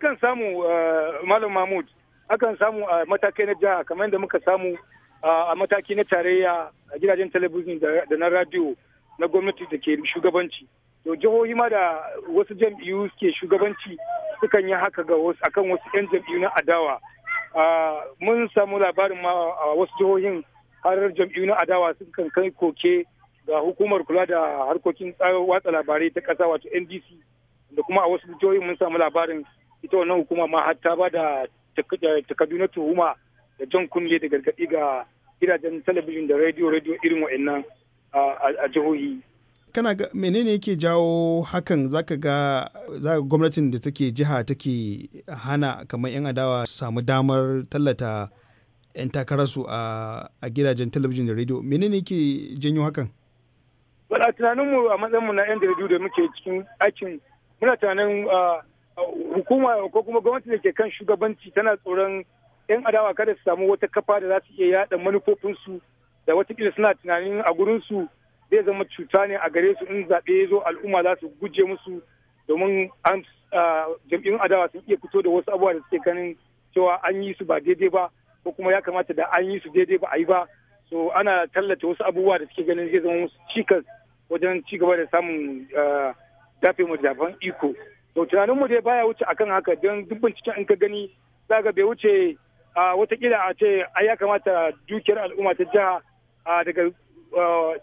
akan samu eh, malam mahmud akan samu a matakai na jiha kamar yadda muka samu a mataki na tarayya a gidajen talabijin da na radio na gwamnati da ke shugabanci to jihohi ma da wasu jam'iyyu suke shugabanci sukan yi haka ga wasu akan wasu 'yan jam'iyyu na adawa mun samu labarin ma a wasu jihohin har jam'iyyu na adawa sukan kai koke ga hukumar kula da harkokin eh, watsa labarai ta kasa wato ndc da kuma a wasu jihohin mun samu labarin ita wannan hukuma ma har ta bada takardu na tuhuma da jan kunne da gargaɗi ga gidajen talabijin da rediyo rediyo irin wa'annan a jihohi kana ga menene yake jawo hakan zaka ga zaka gwamnatin da take jiha take hana kamar yan adawa su samu damar tallata yan takararsu a gidajen talabijin da rediyo menene yake janyo hakan wala tunanin mu a matsayin mu na yan rediyo da muke cikin aikin muna tunanin hukuma ko kuma gwamnati da ke kan shugabanci tana tsoron 'yan adawa kada su samu wata kafa da za su iya yada manufofinsu da wata kila suna tunanin a gurinsu zai zama cuta ne a gare su in zaɓe ya zo al'umma za su guje musu domin jam'iyyun adawa sun iya fito da wasu abubuwa da suke ganin cewa an yi su ba daidai ba ko kuma ya kamata da an yi su daidai ba a yi ba so ana tallata wasu abubuwa da suke ganin zai zama musu cikas wajen cigaba da samun dafe mu iko to tunanin mu dai baya wuce akan haka don duk binciken in ka gani ga bai wuce a watakila a ce ai ya kamata dukiyar al'umma ta jiha daga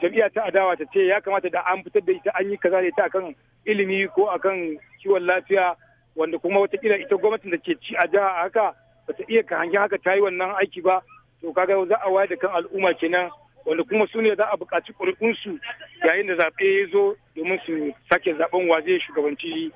jam'iyya ta adawa ta ce ya kamata da an fitar da ita an yi kaza ta ita akan ilimi ko akan kiwon lafiya wanda kuma watakila ita gwamnatin da ke ci a jiha a haka ba ta iya ka hangi haka ta yi wannan aiki ba to kaga za a wayar da kan al'umma kenan wanda kuma su ne za a buƙaci ƙuri'unsu yayin da zaɓe ya zo domin su sake zaɓen wa zai shugabanci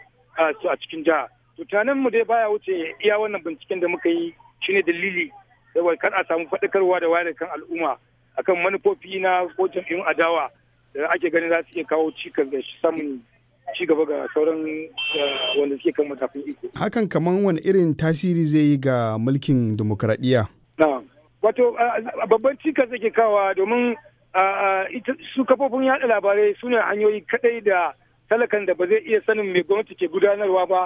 su a cikin jiha tutanen mu dai baya wuce iya wannan binciken da muka yi shi ne dalili saboda kar a samu faɗakarwa da wayar kan al'umma akan manufofi na ko jam'iyyun adawa da ake ganin za su iya kawo cikas da samun ci gaba ga sauran eh, wanda suke kan matafin iko. Hakan kamar wani irin tasiri zai yi ga mulkin demokaradiyya? Wato babban cikas da ke kawa domin su kafofin yaɗa labarai su ne hanyoyi kaɗai da talakan da ba zai iya sanin me gwamnati ke gudanarwa ba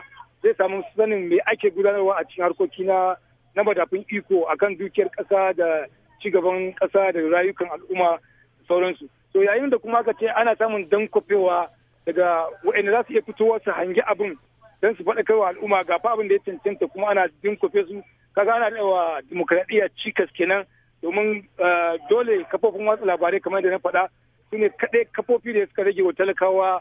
zai samu sanin me ake gudanarwa a cikin harkoki na na madafin iko akan dukiyar kasa da cigaban kasa da rayukan al'umma sauransu to yayin da kuma aka ce ana samun dan kofewa daga waɗanda za su iya fitowa su hangi abin don su faɗakarwa al'umma ga fa abin da ya cancanta kuma ana kofe su kaga ana da wa demokradiyya cikas kenan domin eh, dole kafofin watsa labarai kamar da na faɗa su ne kaɗai kafofi da suka rage wa talakawa